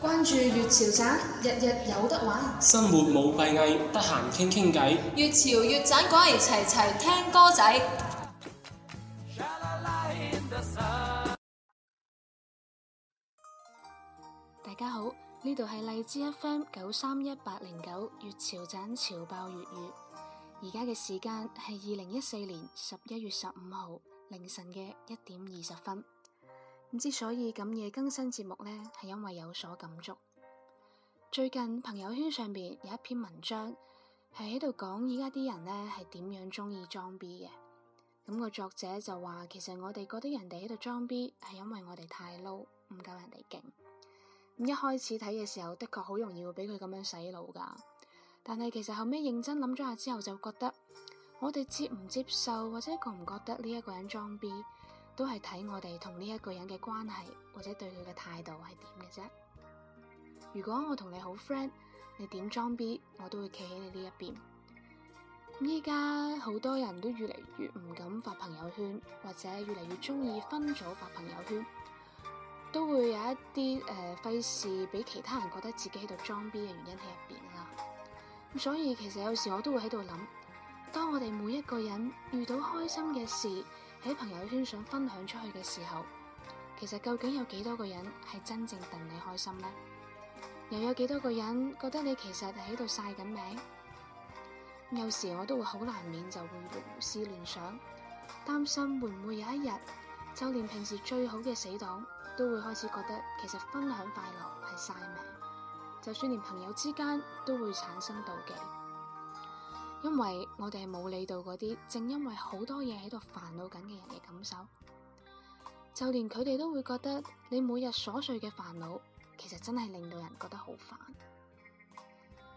關注粵潮站，日日有得玩。生活冇閉翳，得閒傾傾偈，粵潮越站過嚟齊齊聽歌仔。 大家好，呢度係荔枝 FM 九三一八零九粵潮站潮爆粵語。而家嘅時間係二零一四年十一月十五號凌晨嘅一點二十分。咁之所以咁夜更新節目呢，係因為有所感觸。最近朋友圈上邊有一篇文章，係喺度講而家啲人呢係點樣中意裝 B 嘅。咁個作者就話，其實我哋覺得人哋喺度裝 B，係因為我哋太 low，唔夠人哋勁。一開始睇嘅時候，的確好容易會俾佢咁樣洗腦噶。但係其實後尾認真諗咗下之後，就覺得我哋接唔接受，或者覺唔覺得呢一個人裝 B？都係睇我哋同呢一個人嘅關係，或者對佢嘅態度係點嘅啫。如果我同你好 friend，你點裝逼，我都會企喺你呢一邊。咁依家好多人都越嚟越唔敢發朋友圈，或者越嚟越中意分組發朋友圈，都會有一啲誒費事俾其他人覺得自己喺度裝逼嘅原因喺入邊啦。咁所以其實有時我都會喺度諗，當我哋每一個人遇到開心嘅事。喺朋友圈想分享出去嘅時候，其實究竟有幾多個人係真正戥你開心呢？又有幾多個人覺得你其實喺度晒緊命？有時我都會好難免就會胡思亂想，擔心會唔會有一日，就連平時最好嘅死黨都會開始覺得其實分享快樂係晒命，就算連朋友之間都會產生妒忌。因為我哋係冇理到嗰啲，正因為好多嘢喺度煩惱緊嘅人嘅感受，就連佢哋都會覺得你每日瑣碎嘅煩惱，其實真係令到人覺得好煩。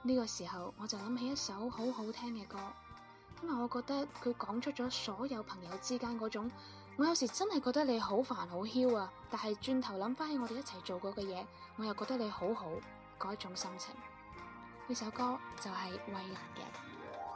呢個時候我就諗起一首好好聽嘅歌，因為我覺得佢講出咗所有朋友之間嗰種，我有時真係覺得你好煩好囂啊，但係轉頭諗翻起我哋一齊做過嘅嘢，我又覺得你好好嗰一種心情。呢首歌就係衛詩嘅。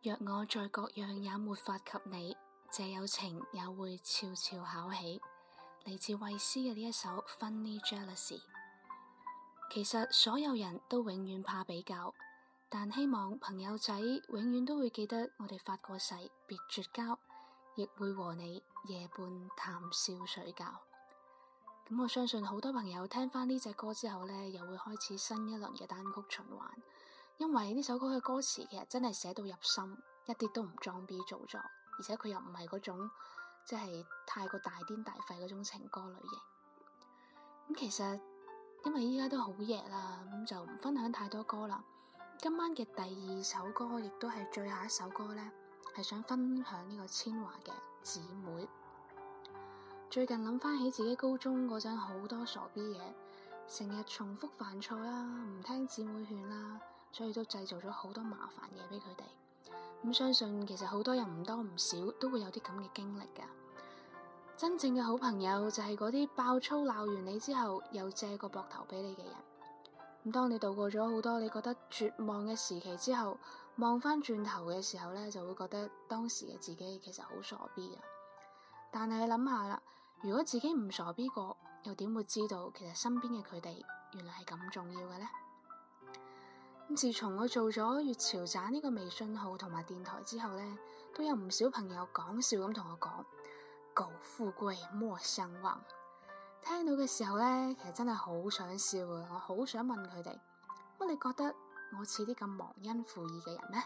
若我再各樣也沒法及你，這友情也會悄悄考起。嚟自衛詩嘅呢一首《Funny Jealousy》，其實所有人都永遠怕比較，但希望朋友仔永遠都會記得我哋發過誓，別絕交，亦會和你夜半談笑睡覺。咁我相信好多朋友聽翻呢隻歌之後呢又會開始新一輪嘅單曲循環。因為呢首歌嘅歌詞其實真係寫到入心，一啲都唔裝逼做作，而且佢又唔係嗰種即係太過大癲大肺嗰種情歌類型。咁、嗯、其實因為依家都好夜啦，咁就唔分享太多歌啦。今晚嘅第二首歌，亦都係最後一首歌咧，係想分享呢個千嬅嘅姊妹。最近諗翻起自己高中嗰陣好多傻逼嘢，成日重複犯錯啦、啊，唔聽姊妹勸啦、啊。所以都製造咗好多麻煩嘢俾佢哋。咁、嗯、相信其實好多人唔多唔少都會有啲咁嘅經歷噶。真正嘅好朋友就係嗰啲爆粗鬧完你之後，又借個膊頭俾你嘅人。咁、嗯、當你度過咗好多你覺得絕望嘅時期之後，望翻轉頭嘅時候咧，就會覺得當時嘅自己其實好傻逼啊。但係你諗下啦，如果自己唔傻逼過，又點會知道其實身邊嘅佢哋原來係咁重要嘅咧？自從我做咗月潮盞呢個微信號同埋電台之後呢，都有唔少朋友講笑咁同我講，苟富貴莫相忘。聽到嘅時候呢，其實真係好想笑啊！我好想問佢哋，乜你覺得我似啲咁忘恩負義嘅人咩？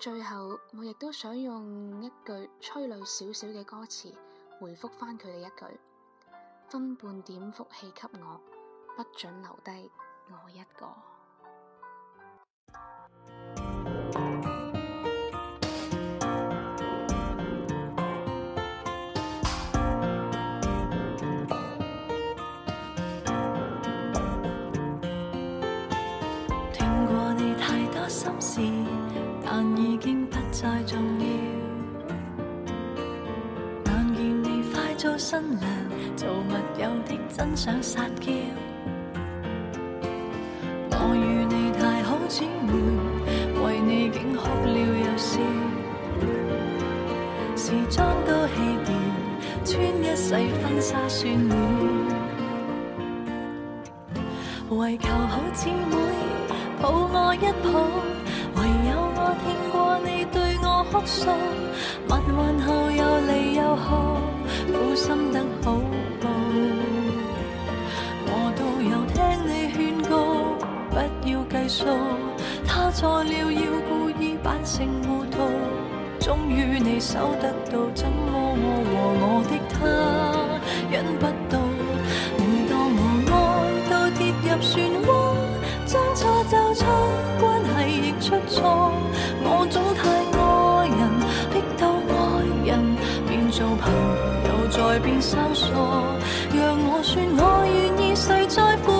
最後我亦都想用一句催淚少少嘅歌詞回覆翻佢哋一句：分半點福氣給我，不准留低。我一個，聽過你太多心事，但已經不再重要。眼見你快做新娘，做密友的真想撒嬌。姊 為你竟哭了又笑，時裝都棄掉，穿一世婚紗算了。為求好姊妹抱我一抱，唯有我聽過你對我哭訴，蜜運後又離又合，苦心得好報。我都有聽你勸告，不要計數。他錯了，要故意扮成糊塗，終於你守得到，怎麼我和我，我，我的他忍不到？每當我愛到跌入漩渦，將錯就錯，關係亦出錯，我總太愛人，逼到愛人變做朋友，再變生疏。讓我說我願意，誰在乎？